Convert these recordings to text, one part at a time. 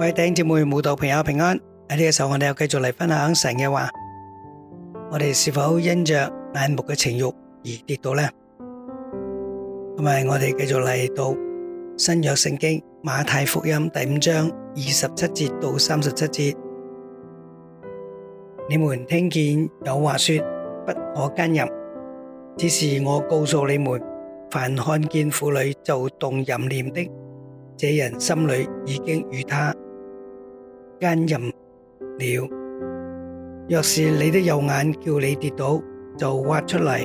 各位弟兄姊妹、信徒朋友平安，喺呢個時候我哋又繼續嚟分享神嘅話，我哋是否因著眼目嘅情慾而跌倒呢？今日我哋繼續嚟到新約聖經馬太福音第五章二十七節到三十七節。你們聽見有話說，不可姦淫。只是我告訴你們，凡看見婦女就動淫念的，這人心裡已經與她姦淫了，若是你的右眼叫你跌倒，就挖出嚟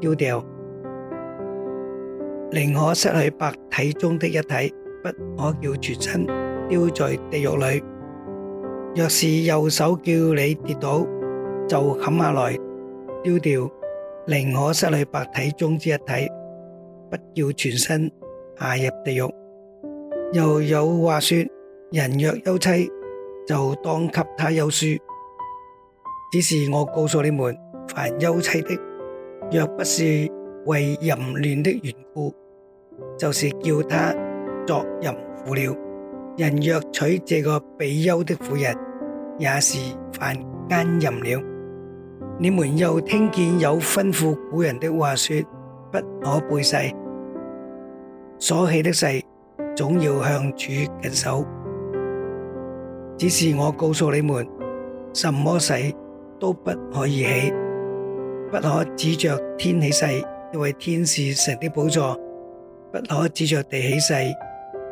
丟掉，寧可失去百體中的一體，不可叫全身丟在地獄裏。若是右手叫你跌倒，就砍下來丟掉，寧可失去百體中之一體，不要全身下入地獄。又有話說：人若休妻，就當給他休書。只是我告訴你們，什麼誓都不可以起，不可指着天起誓，因為天是神的寶座；不可指着地起誓，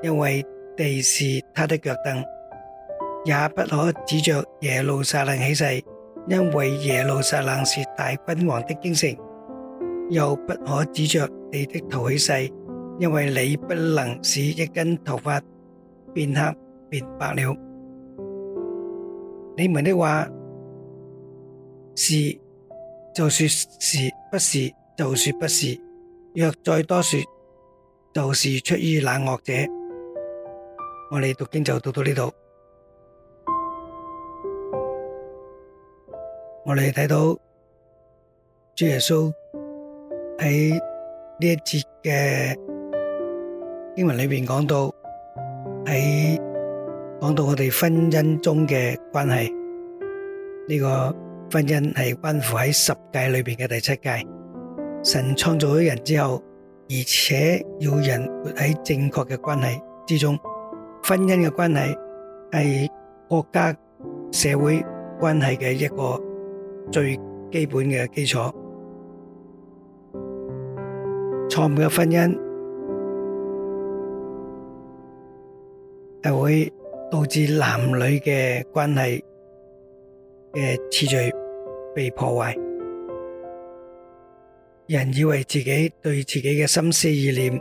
因為地是他的腳凳；也不可指着耶路撒冷起誓，因為耶路撒冷是大君王的京城；又不可指着你的頭起誓，因為你不能使一根頭髮變黑變白了。你們的話是就說是，算是是不是就說不是。若再多說，就是出於冷惡者。我哋讀經就讀到到呢度。我哋睇到主耶穌喺呢一節嘅經文裏面講到喺。在講到我哋婚姻中嘅關係，呢個婚姻係關乎喺十誡裏邊嘅第七誡，神創造咗人之後，而且要人活喺正確嘅關係之中。婚姻嘅關係係國家社會關係嘅一個最基本嘅基礎。錯誤嘅婚姻係會。導致男女嘅關係嘅次序被破壞。人以為自己對自己嘅心思意念，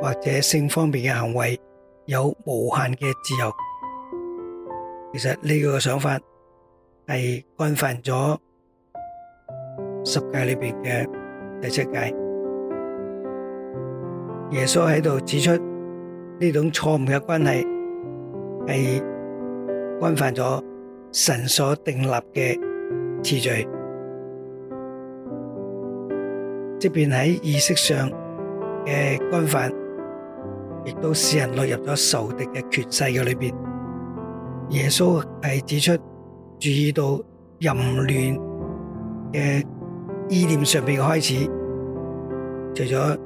或者性方面嘅行為，有無限嘅自由。其實，呢個想法，係干犯咗十誡裡面嘅第七誡。耶穌喺度指出，呢種錯誤嘅關係，係干犯咗神所定立嘅次序，即便變喺意識上嘅干犯，亦都使人落入咗仇敵嘅權勢嘅裏邊。耶穌係指出，注意到淫亂嘅意念上面嘅開始，除咗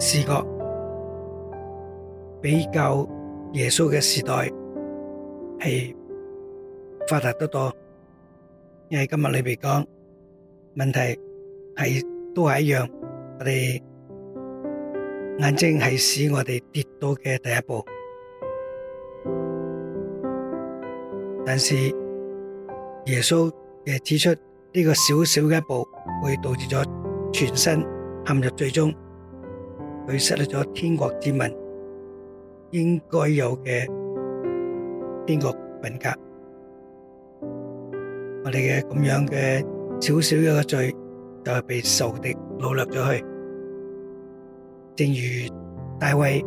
視覺比較。耶穌嘅時代係發達得多，因為今日你哋講問題係都係一樣，我哋眼睛係使我哋跌倒嘅第一步，但是耶穌嘅指出呢個小小嘅一步，會導致咗全身陷入最終會失去咗天國之民。應該有嘅邊個品格，我哋嘅咁樣嘅少少嘅罪，就係被仇敵擄掠咗去。正如大衛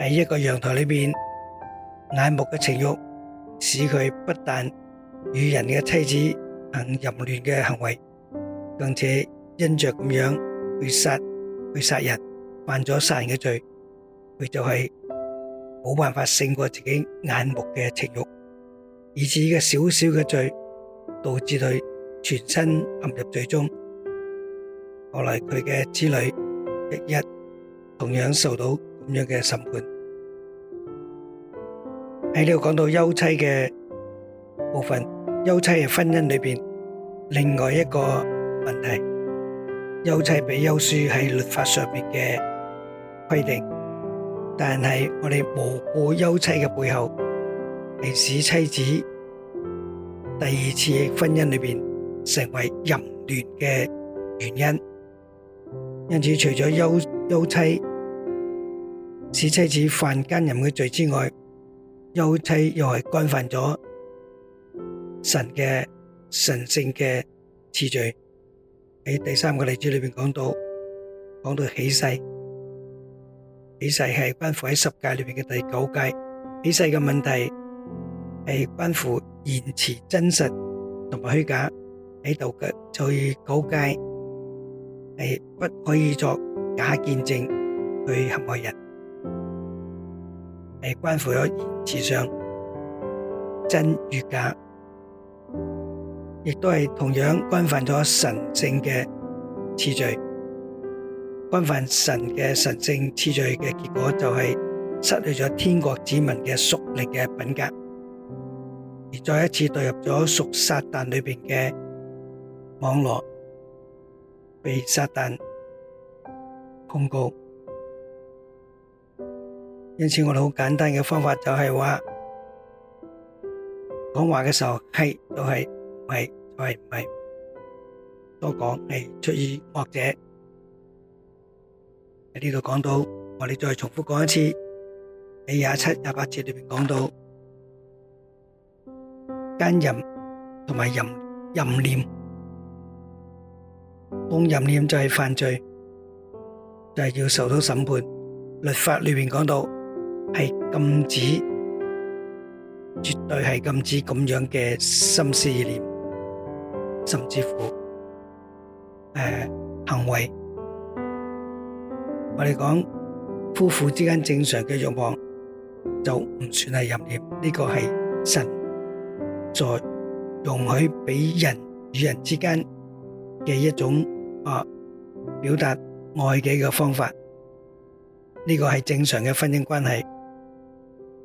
喺一個陽台裏邊，眼目嘅情欲使佢不但與人嘅妻子行淫亂嘅行為，並且因着咁樣去殺去殺人，犯咗殺人嘅罪。佢就係冇辦法勝過自己眼目嘅情欲，以致呢個小小嘅罪導致佢全身陷入罪中。後來佢嘅子女亦一同樣受到咁樣嘅審判。喺呢度講到休妻嘅部分，休妻嘅婚姻裏邊，另外一個問題，休妻畀休書係律法上邊嘅規定。但是我哋無故休妻嘅背後，係使妻子第二次婚姻裏面成為淫亂嘅原因。因此除了，除咗休妻使妻子犯奸淫嘅罪之外，休妻又係干犯咗神嘅神聖嘅次序。喺第三個例子裏面講到，講到起誓。起誓係關乎喺十誡裏面嘅第九誡，起誓嘅問題係關乎言辭真實同埋虛假喺度嘅，所以九誡係不可以作假見證去陷害人，係關乎咗言辭上真與假，亦都係同樣干犯咗神聖嘅次序。違反神嘅神聖次序嘅結果就係失去咗天國子民嘅屬靈嘅品格，而再一次墮入咗屬撒但裏面嘅網絡，被撒但控告。因此我哋好簡單嘅方法就係話，講話嘅時候係就係，唔係就係唔係，多講係出於惡者。喺呢度講到，我哋再重複講一次，喺廿七、廿八節裏邊講到，奸淫同埋淫淫念，當淫念就係犯罪，就係要受到審判。律法裏邊講到係禁止，絕對係禁止咁樣嘅心思意念，甚至乎誒行為。我哋講夫婦之間正常嘅欲望就唔算係淫念，呢、這個係神在容許俾人與人之間嘅一種啊表達愛嘅嘅方法，呢、這個係正常嘅婚姻關係，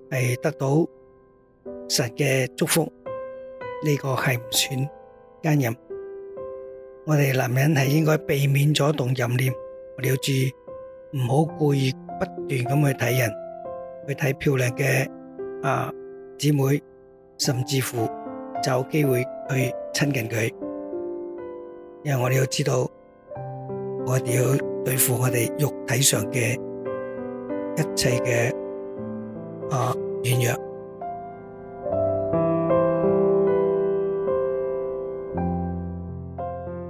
係得到神嘅祝福，呢、這個係唔算奸淫。我哋男人係應該避免咗動淫念，我哋要注意。唔好故意不斷咁去睇人，去睇漂亮嘅啊姊妹，甚至乎找機會去親近佢，因為我哋要知道，我哋要對付我哋肉體上嘅一切嘅啊軟弱。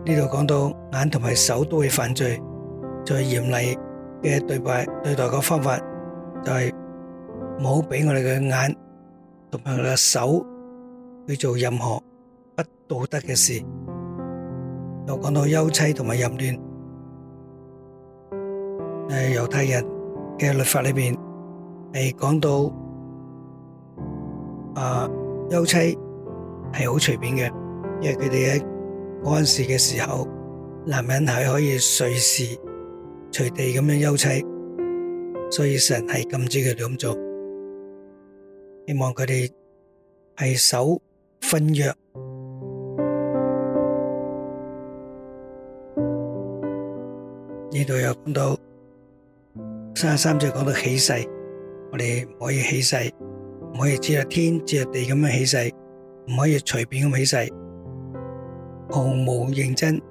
呢度講到眼同埋手都會犯罪，再嚴厲。嘅對待，對待嘅方法就係唔好俾我哋嘅眼同埋我哋嘅手去做任何不道德嘅事。又講到休妻同埋淫亂，誒猶太人嘅律法裏邊係講到誒，休妻係好隨便嘅，因為佢哋喺嗰陣時嘅時候，男人係可以隨時隨地咁樣休憩，所以神係禁止佢哋咁做，希望佢哋係守婚約。呢度又講到三十三節講到起誓，我哋唔可以起誓，唔可以只係天只係地咁樣起誓，唔可以隨便咁起誓，毫無認真、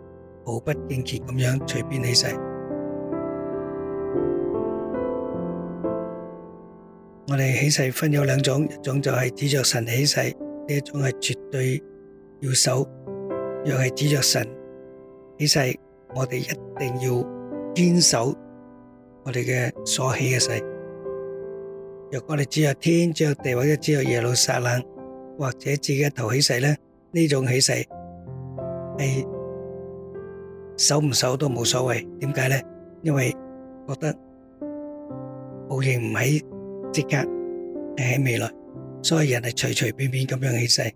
毫不敬虔咁樣隨便起誓。我哋起誓分有兩種，一種就係指着神起誓，呢一種係絕對要守。若係指着神起誓，我哋一定要堅守我哋嘅所起嘅誓。若果你只係天將地或者只係耶路撒冷或者自己一頭起誓咧，呢種起誓係守唔守都冇所謂。點解咧？因為覺得報應唔起。即刻你喺未來，所以人係隨隨便便咁樣起勢，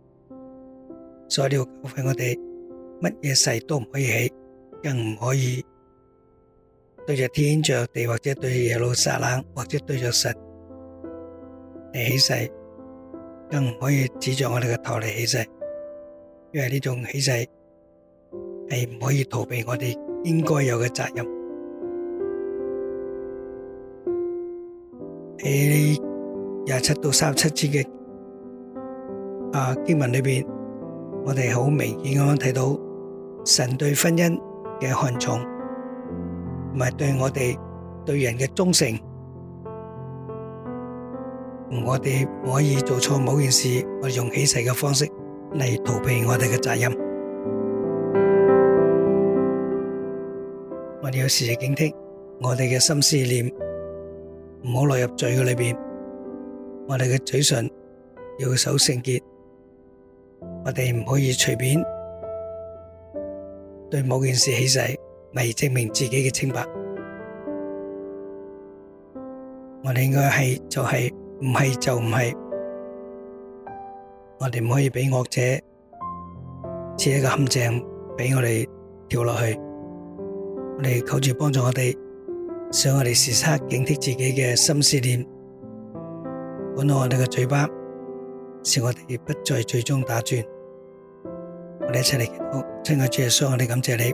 所以呢個教會我哋乜嘢勢都唔可以起，更唔可以對住天、對住地，或者對住耶路撒冷，或者對住神嚟起勢，更唔可以指着我哋嘅頭嚟起勢，因為呢種起勢係唔可以逃避我哋應該有嘅責任。喺廿七到三十七節嘅啊經文裏邊，我哋好明顯咁樣睇到神對婚姻嘅看重，同埋對我哋對人嘅忠誠。我哋唔可以做錯某件事，我哋用起誓嘅方式嚟逃避我哋嘅責任。我哋要時時警惕我哋嘅心思念。唔好落入罪嘅裏面。我哋嘅嘴唇要守聖潔，我哋唔可以隨便對某件事起誓，為證明自己嘅清白。我哋應該係就係唔係就唔係，我哋唔可以俾惡者設一個陷阱俾我哋跳落去，我哋求主幫助我哋。想我哋時刻警惕自己嘅心思念，管好我哋嘅嘴巴，使我哋不再最終打轉。我哋一齊嚟祈禱，親愛主耶穌，我哋感謝你，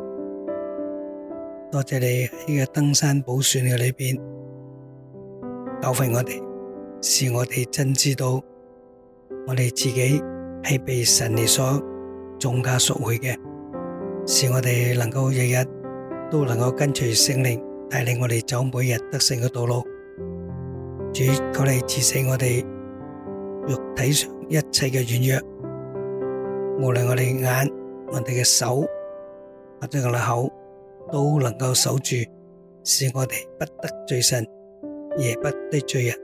多謝你喺呢個登山寶訓嘅裏邊教誨我哋，使我哋真知道我哋自己係被神你所重價贖回嘅，使我哋能夠日日都能夠跟隨聖靈，帶領我哋走每日得勝的道路，主求你治死我哋，肉體上一切的軟弱，無論我哋嘅眼，我哋嘅手，或者我哋口，都能夠守住，使我哋不得罪神，也不得罪人，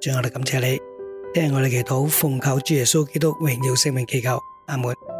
最後我哋感謝你。聽我哋祈禱，奉求主耶穌基督，榮耀聖名祈求，阿們。